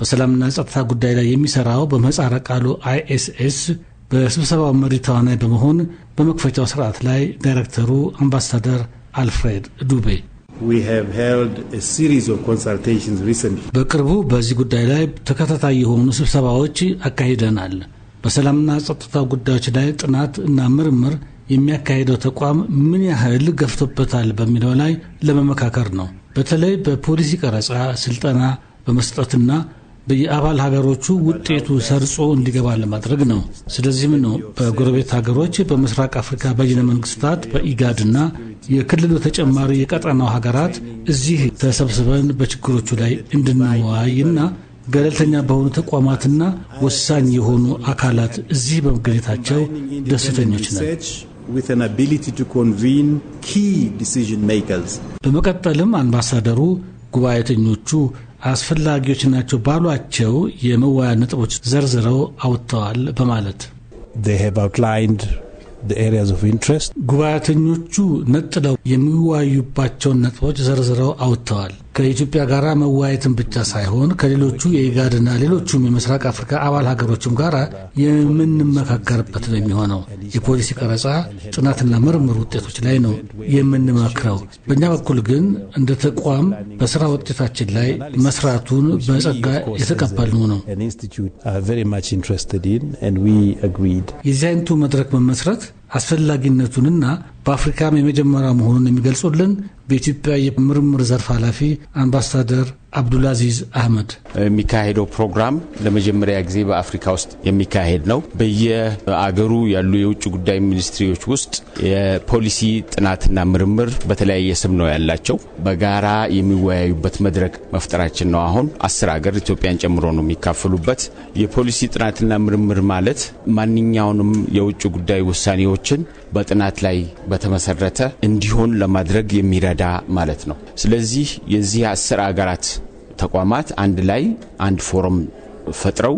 በሰላምና ጸጥታ ጉዳይ ላይ የሚሰራው በምህጻረ ቃሉ አይኤስኤስ በስብሰባው መሪ ተዋናይ በመሆን በመክፈቻው ስርዓት ላይ ዳይሬክተሩ አምባሳደር አልፍሬድ ዱቤ በቅርቡ በዚህ ጉዳይ ላይ ተከታታይ የሆኑ ስብሰባዎች አካሂደናል። በሰላምና ጸጥታ ጉዳዮች ላይ ጥናት እና ምርምር የሚያካሄደው ተቋም ምን ያህል ገፍቶበታል በሚለው ላይ ለመመካከር ነው። በተለይ በፖሊሲ ቀረጻ ስልጠና በመስጠትና በየአባል ሀገሮቹ ውጤቱ ሰርጾ እንዲገባ ለማድረግ ነው። ስለዚህም ነው በጎረቤት ሀገሮች በምስራቅ አፍሪካ በይነ መንግስታት በኢጋድና የክልሉ ተጨማሪ የቀጠናው ሀገራት እዚህ ተሰብስበን በችግሮቹ ላይ እንድንወያይና ገለልተኛ በሆኑ ተቋማትና ወሳኝ የሆኑ አካላት እዚህ በመገኘታቸው ደስተኞች ነን። በመቀጠልም አምባሳደሩ ጉባኤተኞቹ አስፈላጊዎች ናቸው ባሏቸው የመወያያ ነጥቦች ዘርዝረው አውጥተዋል በማለት ጉባኤተኞቹ ነጥለው የሚወያዩባቸውን ነጥቦች ዘርዝረው አውጥተዋል። ከኢትዮጵያ ጋር መወያየትን ብቻ ሳይሆን ከሌሎቹ የኢጋድና ሌሎቹም የምስራቅ አፍሪካ አባል ሀገሮችም ጋር የምንመካከርበት ነው የሚሆነው። የፖሊሲ ቀረጻ ጥናትና ምርምር ውጤቶች ላይ ነው የምንመክረው። በእኛ በኩል ግን እንደ ተቋም በስራ ውጤታችን ላይ መስራቱን በጸጋ የተቀበልነው ነው። የዚህ አይነቱ መድረክ መመስረት አስፈላጊነቱንና በአፍሪካም የመጀመሪያ መሆኑን የሚገልጹልን በኢትዮጵያ የምርምር ዘርፍ ኃላፊ አምባሳደር አብዱልአዚዝ አህመድ የሚካሄደው ፕሮግራም ለመጀመሪያ ጊዜ በአፍሪካ ውስጥ የሚካሄድ ነው። በየአገሩ ያሉ የውጭ ጉዳይ ሚኒስትሪዎች ውስጥ የፖሊሲ ጥናትና ምርምር በተለያየ ስም ነው ያላቸው። በጋራ የሚወያዩበት መድረክ መፍጠራችን ነው። አሁን አስር አገር ኢትዮጵያን ጨምሮ ነው የሚካፈሉበት። የፖሊሲ ጥናትና ምርምር ማለት ማንኛውንም የውጭ ጉዳይ ውሳኔዎችን በጥናት ላይ በተመሰረተ እንዲሆን ለማድረግ የሚረዳ ማለት ነው። ስለዚህ የዚህ አስር አገራት ተቋማት አንድ ላይ አንድ ፎረም ፈጥረው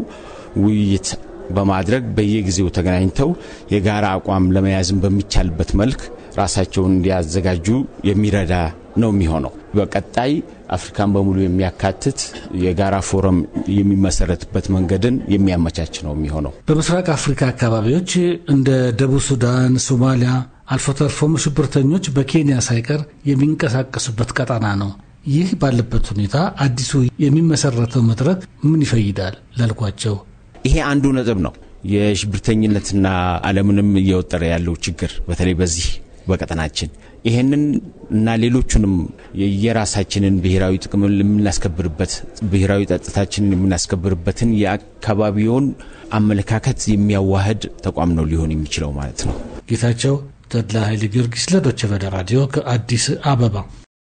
ውይይት በማድረግ በየጊዜው ተገናኝተው የጋራ አቋም ለመያዝም በሚቻልበት መልክ ራሳቸውን እንዲያዘጋጁ የሚረዳ ነው የሚሆነው በቀጣይ አፍሪካን በሙሉ የሚያካትት የጋራ ፎረም የሚመሰረትበት መንገድን የሚያመቻች ነው የሚሆነው። በምስራቅ አፍሪካ አካባቢዎች እንደ ደቡብ ሱዳን፣ ሶማሊያ አልፎ ተርፎም ሽብርተኞች በኬንያ ሳይቀር የሚንቀሳቀሱበት ቀጠና ነው። ይህ ባለበት ሁኔታ አዲሱ የሚመሰረተው መድረክ ምን ይፈይዳል ላልኳቸው፣ ይሄ አንዱ ነጥብ ነው። የሽብርተኝነትና ዓለምንም እየወጠረ ያለው ችግር በተለይ በዚህ በቀጠናችን ይሄንን እና ሌሎቹንም የራሳችንን ብሔራዊ ጥቅም የምናስከብርበት ብሔራዊ ጸጥታችንን የምናስከብርበትን የአካባቢውን አመለካከት የሚያዋህድ ተቋም ነው ሊሆን የሚችለው ማለት ነው። ጌታቸው ተድላ ኃይለ ጊዮርጊስ ለዶቸ ራዲዮ ከአዲስ አበባ